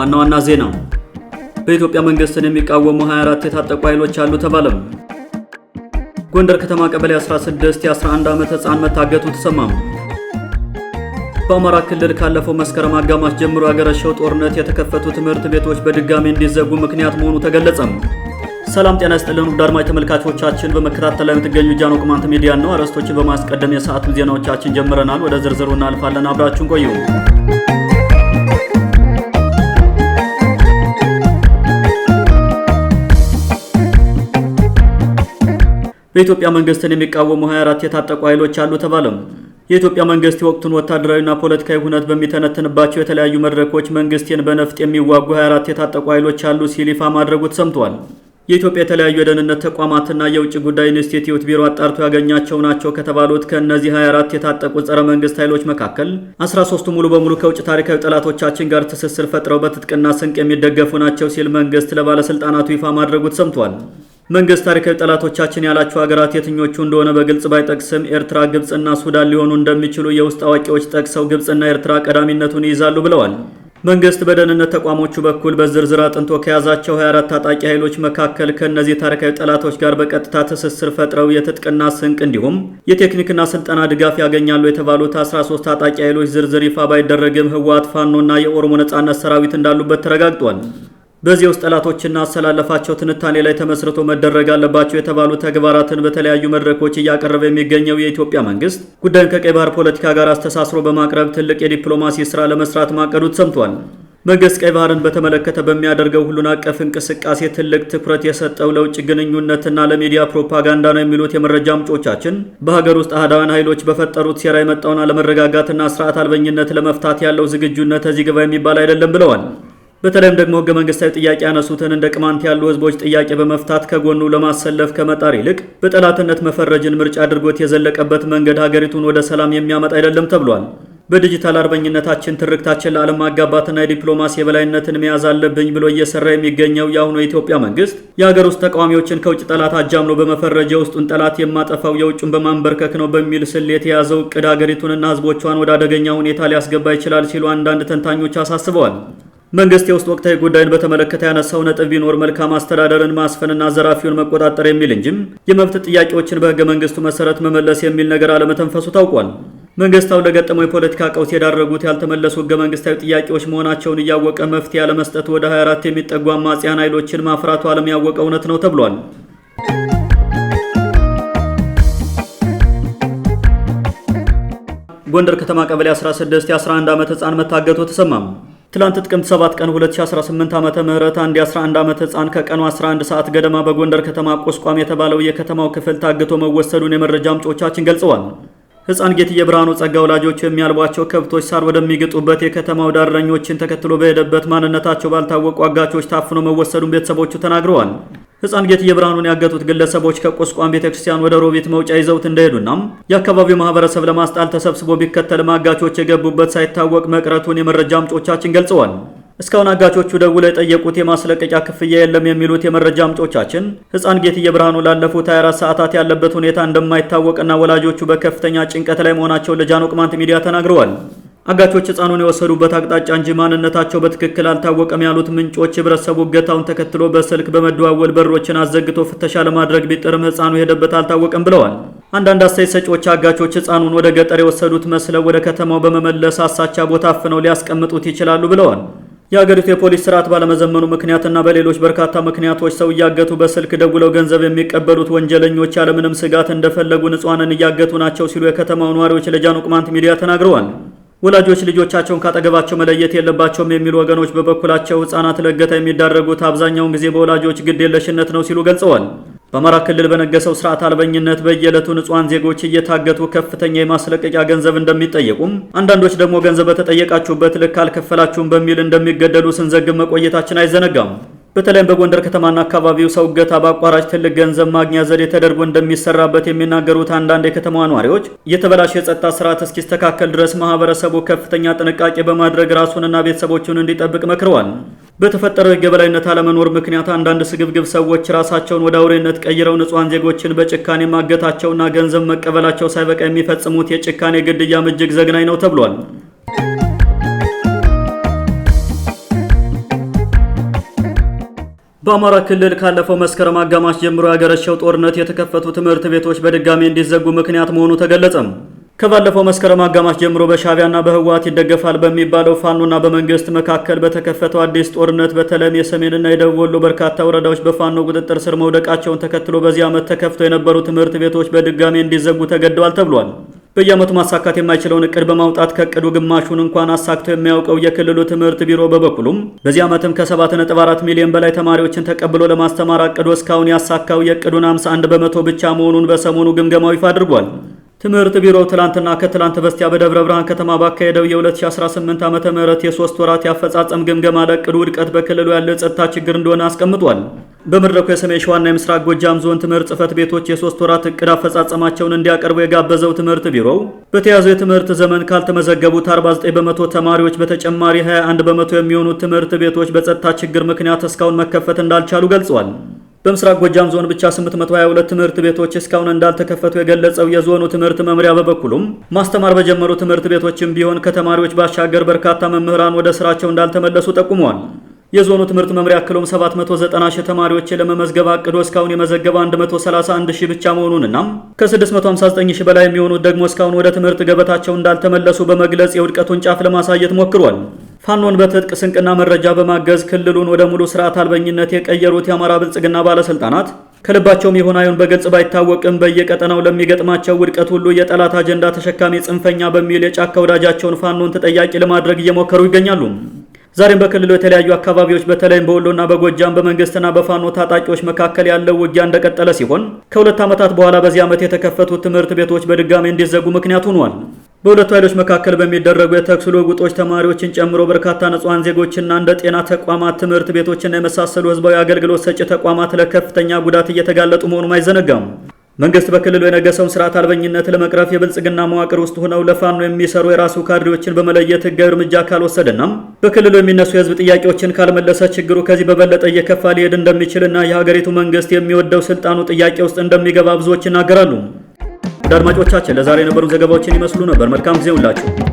ዋና ዋና ዜና በኢትዮጵያ መንግስትን የሚቃወሙ 24 የታጠቁ ኃይሎች አሉ ተባለም። ጎንደር ከተማ ቀበሌ 16 የ11 ዓመት ህፃን መታገቱ ተሰማም። በአማራ ክልል ካለፈው መስከረም አጋማሽ ጀምሮ ያገረሸው ጦርነት የተከፈቱ ትምህርት ቤቶች በድጋሚ እንዲዘጉ ምክንያት መሆኑ ተገለጸም። ሰላም ጤና ይስጥልን ውድ አድማጭ ተመልካቾቻችን፣ በመከታተል ላይ የምትገኙ ጃኖ ቅማንት ሚዲያ ነው። አርዕስቶችን በማስቀደም የሰዓቱን ዜናዎቻችን ጀምረናል። ወደ ዝርዝሩ እናልፋለን። አብራችሁን ቆዩ። በኢትዮጵያ መንግስትን የሚቃወሙ 24 የታጠቁ ኃይሎች አሉ ተባለም። የኢትዮጵያ መንግስት የወቅቱን ወታደራዊና ፖለቲካዊ ሁነት በሚተነትንባቸው የተለያዩ መድረኮች መንግስቴን በነፍጥ የሚዋጉ 24 የታጠቁ ኃይሎች አሉ ሲል ይፋ ማድረጉ ተሰምቷል። የኢትዮጵያ የተለያዩ የደህንነት ተቋማትና የውጭ ጉዳይ ኢንስቲትዩት ቢሮ አጣርቶ ያገኛቸው ናቸው ከተባሉት ከእነዚህ 24 የታጠቁ ጸረ መንግስት ኃይሎች መካከል 13ቱ ሙሉ በሙሉ ከውጭ ታሪካዊ ጠላቶቻችን ጋር ትስስር ፈጥረው በትጥቅና ስንቅ የሚደገፉ ናቸው ሲል መንግስት ለባለስልጣናቱ ይፋ ማድረጉ ተሰምቷል። መንግስት ታሪካዊ ጠላቶቻችን ያላቸው ሀገራት የትኞቹ እንደሆነ በግልጽ ባይጠቅስም ኤርትራ፣ ግብጽና ሱዳን ሊሆኑ እንደሚችሉ የውስጥ አዋቂዎች ጠቅሰው ግብጽና ኤርትራ ቀዳሚነቱን ይይዛሉ ብለዋል። መንግስት በደህንነት ተቋሞቹ በኩል በዝርዝር አጥንቶ ከያዛቸው 24 ታጣቂ ኃይሎች መካከል ከእነዚህ ታሪካዊ ጠላቶች ጋር በቀጥታ ትስስር ፈጥረው የትጥቅና ስንቅ እንዲሁም የቴክኒክና ስልጠና ድጋፍ ያገኛሉ የተባሉት 13 ታጣቂ ኃይሎች ዝርዝር ይፋ ባይደረግም ህወሓት፣ ፋኖና የኦሮሞ ነጻነት ሰራዊት እንዳሉበት ተረጋግጧል። በዚህ ውስጥ ጠላቶችና አሰላለፋቸው ትንታኔ ላይ ተመስርቶ መደረግ አለባቸው የተባሉ ተግባራትን በተለያዩ መድረኮች እያቀረበ የሚገኘው የኢትዮጵያ መንግስት ጉዳዩን ከቀይ ባህር ፖለቲካ ጋር አስተሳስሮ በማቅረብ ትልቅ የዲፕሎማሲ ስራ ለመስራት ማቀዱ ተሰምቷል። መንግስት ቀይ ባህርን በተመለከተ በሚያደርገው ሁሉን አቀፍ እንቅስቃሴ ትልቅ ትኩረት የሰጠው ለውጭ ግንኙነትና ለሚዲያ ፕሮፓጋንዳ ነው የሚሉት የመረጃ ምንጮቻችን በሀገር ውስጥ አህዳውያን ኃይሎች በፈጠሩት ሴራ የመጣውን አለመረጋጋትና ስርዓት አልበኝነት ለመፍታት ያለው ዝግጁነት እዚህ ግባ የሚባል አይደለም ብለዋል። በተለይም ደግሞ ህገ መንግስታዊ ጥያቄ ያነሱትን እንደ ቅማንት ያሉ ህዝቦች ጥያቄ በመፍታት ከጎኑ ለማሰለፍ ከመጣር ይልቅ በጠላትነት መፈረጅን ምርጫ አድርጎት የዘለቀበት መንገድ ሀገሪቱን ወደ ሰላም የሚያመጣ አይደለም ተብሏል። በዲጂታል አርበኝነታችን ትርክታችን ለዓለም አጋባትና የዲፕሎማሲ የበላይነትን መያዝ አለብኝ ብሎ እየሰራ የሚገኘው የአሁኑ የኢትዮጵያ መንግስት የሀገር ውስጥ ተቃዋሚዎችን ከውጭ ጠላት አጃምኖ በመፈረጅ የውስጡን ጠላት የማጠፋው የውጩን በማንበርከክ ነው በሚል ስል የተያዘው እቅድ ሀገሪቱንና ህዝቦቿን ወደ አደገኛ ሁኔታ ሊያስገባ ይችላል ሲሉ አንዳንድ ተንታኞች አሳስበዋል። መንግስት የውስጥ ወቅታዊ ጉዳይን በተመለከተ ያነሳው ነጥብ ቢኖር መልካም አስተዳደርን ማስፈንና ዘራፊውን መቆጣጠር የሚል እንጂም የመብት ጥያቄዎችን በህገ መንግስቱ መሰረት መመለስ የሚል ነገር አለመተንፈሱ ታውቋል። መንግስታው ለገጠመው የፖለቲካ ቀውስ የዳረጉት ያልተመለሱ ህገ መንግስታዊ ጥያቄዎች መሆናቸውን እያወቀ መፍትሄ ያለመስጠት ወደ 24 የሚጠጉ አማጽያን ኃይሎችን ማፍራቱ ዓለም ያወቀ እውነት ነው ተብሏል። ጎንደር ከተማ ቀበሌ 16 የ11 ዓመት ህፃን መታገቱ ተሰማም። ትላንት ጥቅምት 7 ቀን 2018 ዓመተ ምህረት አንድ 11 ዓመት ህፃን ከቀኑ 11 ሰዓት ገደማ በጎንደር ከተማ ቁስቋም የተባለው የከተማው ክፍል ታግቶ መወሰዱን የመረጃ ምንጮቻችን ገልጸዋል። ህፃን ጌትዬ ብርሃኑ ጸጋ ወላጆቹ የሚያልቧቸው ከብቶች ሳር ወደሚግጡበት የከተማው ዳረኞችን ተከትሎ በሄደበት ማንነታቸው ባልታወቁ አጋቾች ታፍኖ መወሰዱን ቤተሰቦቹ ተናግረዋል። ህፃን ጌትዬ ብርሃኑን ያገቱት ግለሰቦች ከቁስቋም ቤተክርስቲያን ወደ ሮቢት መውጫ ይዘውት እንደሄዱና የአካባቢው ማህበረሰብ ለማስጣል ተሰብስቦ ቢከተልም አጋቾች የገቡበት ሳይታወቅ መቅረቱን የመረጃ ምንጮቻችን ገልጸዋል። እስካሁን አጋቾቹ ደውለው የጠየቁት የማስለቀቂያ ክፍያ የለም የሚሉት የመረጃ ምንጮቻችን ህፃን ጌትዬ ብርሃኑ ላለፉት 24 ሰዓታት ያለበት ሁኔታ እንደማይታወቅና ወላጆቹ በከፍተኛ ጭንቀት ላይ መሆናቸውን ለጃኖ ቅማንት ሚዲያ ተናግረዋል። አጋቾች ህፃኑን የወሰዱበት አቅጣጫ እንጂ ማንነታቸው በትክክል አልታወቀም ያሉት ምንጮች ህብረተሰቡ እገታውን ተከትሎ በስልክ በመደዋወል በሮችን አዘግቶ ፍተሻ ለማድረግ ቢጥርም ህፃኑ የሄደበት አልታወቀም ብለዋል። አንዳንድ አስተያየት ሰጪዎች አጋቾች ሕፃኑን ወደ ገጠር የወሰዱት መስለው ወደ ከተማው በመመለስ አሳቻ ቦታ አፍነው ሊያስቀምጡት ይችላሉ ብለዋል። የአገሪቱ የፖሊስ ስርዓት ባለመዘመኑ ምክንያትና በሌሎች በርካታ ምክንያቶች ሰው እያገቱ በስልክ ደውለው ገንዘብ የሚቀበሉት ወንጀለኞች ያለምንም ስጋት እንደፈለጉ ንጹሐንን እያገቱ ናቸው ሲሉ የከተማው ነዋሪዎች ለጃኑ ቅማንት ሚዲያ ተናግረዋል። ወላጆች ልጆቻቸውን ካጠገባቸው መለየት የለባቸውም የሚሉ ወገኖች በበኩላቸው ህጻናት ለእገታ የሚዳረጉት አብዛኛውን ጊዜ በወላጆች ግድ የለሽነት ነው ሲሉ ገልጸዋል። በአማራ ክልል በነገሰው ስርዓት አልበኝነት በየዕለቱ ንጹሃን ዜጎች እየታገቱ ከፍተኛ የማስለቀቂያ ገንዘብ እንደሚጠየቁም አንዳንዶች ደግሞ ገንዘብ በተጠየቃችሁበት ልክ አልከፈላችሁም በሚል እንደሚገደሉ ስንዘግብ መቆየታችን አይዘነጋም። በተለይም በጎንደር ከተማና አካባቢው ሰው እገታ በአቋራጭ ትልቅ ገንዘብ ማግኛ ዘዴ ተደርጎ እንደሚሰራበት የሚናገሩት አንዳንድ የከተማዋ ነዋሪዎች የተበላሸ የጸጥታ ስርዓት እስኪስተካከል ድረስ ማህበረሰቡ ከፍተኛ ጥንቃቄ በማድረግ ራሱንና ቤተሰቦቹን እንዲጠብቅ መክረዋል። በተፈጠረው የሕግ አለመኖር ምክንያት አንዳንድ ስግብግብ ሰዎች ራሳቸውን ወደ አውሬነት ቀይረው ንጹሐን ዜጎችን በጭካኔ ማገታቸውና ገንዘብ መቀበላቸው ሳይበቃ የሚፈጽሙት የጭካኔ ግድያም እጅግ ዘግናኝ ነው ተብሏል። በአማራ ክልል ካለፈው መስከረም አጋማሽ ጀምሮ ያገረሸው ጦርነት የተከፈቱ ትምህርት ቤቶች በድጋሚ እንዲዘጉ ምክንያት መሆኑ ተገለጸም። ከባለፈው መስከረም አጋማሽ ጀምሮ በሻቢያና በህወሀት ይደገፋል በሚባለው ፋኖና በመንግስት መካከል በተከፈተው አዲስ ጦርነት በተለይም የሰሜንና የደቡብ ወሎ በርካታ ወረዳዎች በፋኖ ቁጥጥር ስር መውደቃቸውን ተከትሎ በዚህ ዓመት ተከፍተው የነበሩ ትምህርት ቤቶች በድጋሚ እንዲዘጉ ተገደዋል ተብሏል። በየዓመቱ ማሳካት የማይችለውን እቅድ በማውጣት ከእቅዱ ግማሹን እንኳን አሳክቶ የሚያውቀው የክልሉ ትምህርት ቢሮ በበኩሉም በዚህ ዓመትም ከ7.4 ሚሊዮን በላይ ተማሪዎችን ተቀብሎ ለማስተማር አቅዶ እስካሁን ያሳካው የእቅዱን 51 በመቶ ብቻ መሆኑን በሰሞኑ ግምገማው ይፋ አድርጓል። ትምህርት ቢሮ ትላንትና ከትላንት በስቲያ በደብረ ብርሃን ከተማ ባካሄደው የ2018 ዓ ም የሶስት ወራት የአፈጻጸም ግምገማ ለዕቅዱ ውድቀት በክልሉ ያለው የጸጥታ ችግር እንደሆነ አስቀምጧል። በመድረኩ የሰሜን ሸዋና የምስራቅ ጎጃም ዞን ትምህርት ጽፈት ቤቶች የሶስት ወራት እቅድ አፈጻጸማቸውን እንዲያቀርቡ የጋበዘው ትምህርት ቢሮው በተያዘው የትምህርት ዘመን ካልተመዘገቡት 49 በመቶ ተማሪዎች በተጨማሪ 21 በመቶ የሚሆኑት ትምህርት ቤቶች በጸጥታ ችግር ምክንያት እስካሁን መከፈት እንዳልቻሉ ገልጿል። በምስራቅ ጎጃም ዞን ብቻ 822 ትምህርት ቤቶች እስካሁን እንዳልተከፈቱ የገለጸው የዞኑ ትምህርት መምሪያ በበኩሉም ማስተማር በጀመሩ ትምህርት ቤቶችም ቢሆን ከተማሪዎች ባሻገር በርካታ መምህራን ወደ ስራቸው እንዳልተመለሱ ጠቁመዋል። የዞኑ ትምህርት መምሪያ አክሎም 790 ሺህ ተማሪዎች ለመመዝገብ አቅዶ እስካሁን የመዘገበ 131 ሺህ ብቻ መሆኑንና ከ659 ሺህ በላይ የሚሆኑት ደግሞ እስካሁን ወደ ትምህርት ገበታቸው እንዳልተመለሱ በመግለጽ የውድቀቱን ጫፍ ለማሳየት ሞክሯል። ፋኖን በትጥቅ ስንቅና መረጃ በማገዝ ክልሉን ወደ ሙሉ ስርዓት አልበኝነት የቀየሩት የአማራ ብልጽግና ባለስልጣናት ከልባቸውም ይሁን አይሁን በግልጽ ባይታወቅም በየቀጠናው ለሚገጥማቸው ውድቀት ሁሉ የጠላት አጀንዳ ተሸካሚ ጽንፈኛ በሚል የጫካ ወዳጃቸውን ፋኖን ተጠያቂ ለማድረግ እየሞከሩ ይገኛሉ። ዛሬም በክልሉ የተለያዩ አካባቢዎች በተለይም በወሎና በጎጃም በመንግስትና በፋኖ ታጣቂዎች መካከል ያለው ውጊያ እንደቀጠለ ሲሆን ከሁለት ዓመታት በኋላ በዚህ ዓመት የተከፈቱት ትምህርት ቤቶች በድጋሚ እንዲዘጉ ምክንያት ሆኗል። በሁለቱ ኃይሎች መካከል በሚደረጉ የተኩስ ልውውጦች ተማሪዎችን ጨምሮ በርካታ ንጹሐን ዜጎችና እንደ ጤና ተቋማት፣ ትምህርት ቤቶችና የመሳሰሉ ህዝባዊ አገልግሎት ሰጪ ተቋማት ለከፍተኛ ጉዳት እየተጋለጡ መሆኑም አይዘነጋም። መንግስት በክልሉ የነገሰውን ስርዓት አልበኝነት ለመቅረፍ የብልጽግና መዋቅር ውስጥ ሆነው ለፋኖ የሚሰሩ የራሱ ካድሬዎችን በመለየት ህጋዊ እርምጃ ካልወሰደናም በክልሉ የሚነሱ የህዝብ ጥያቄዎችን ካልመለሰ ችግሩ ከዚህ በበለጠ እየከፋ ሊሄድ እንደሚችልና የሀገሪቱ መንግስት የሚወደው ስልጣኑ ጥያቄ ውስጥ እንደሚገባ ብዙዎች ይናገራሉ። ወደ አድማጮቻችን ለዛሬ የነበሩ ዘገባዎችን ይመስሉ ነበር። መልካም ጊዜ ሁላችሁ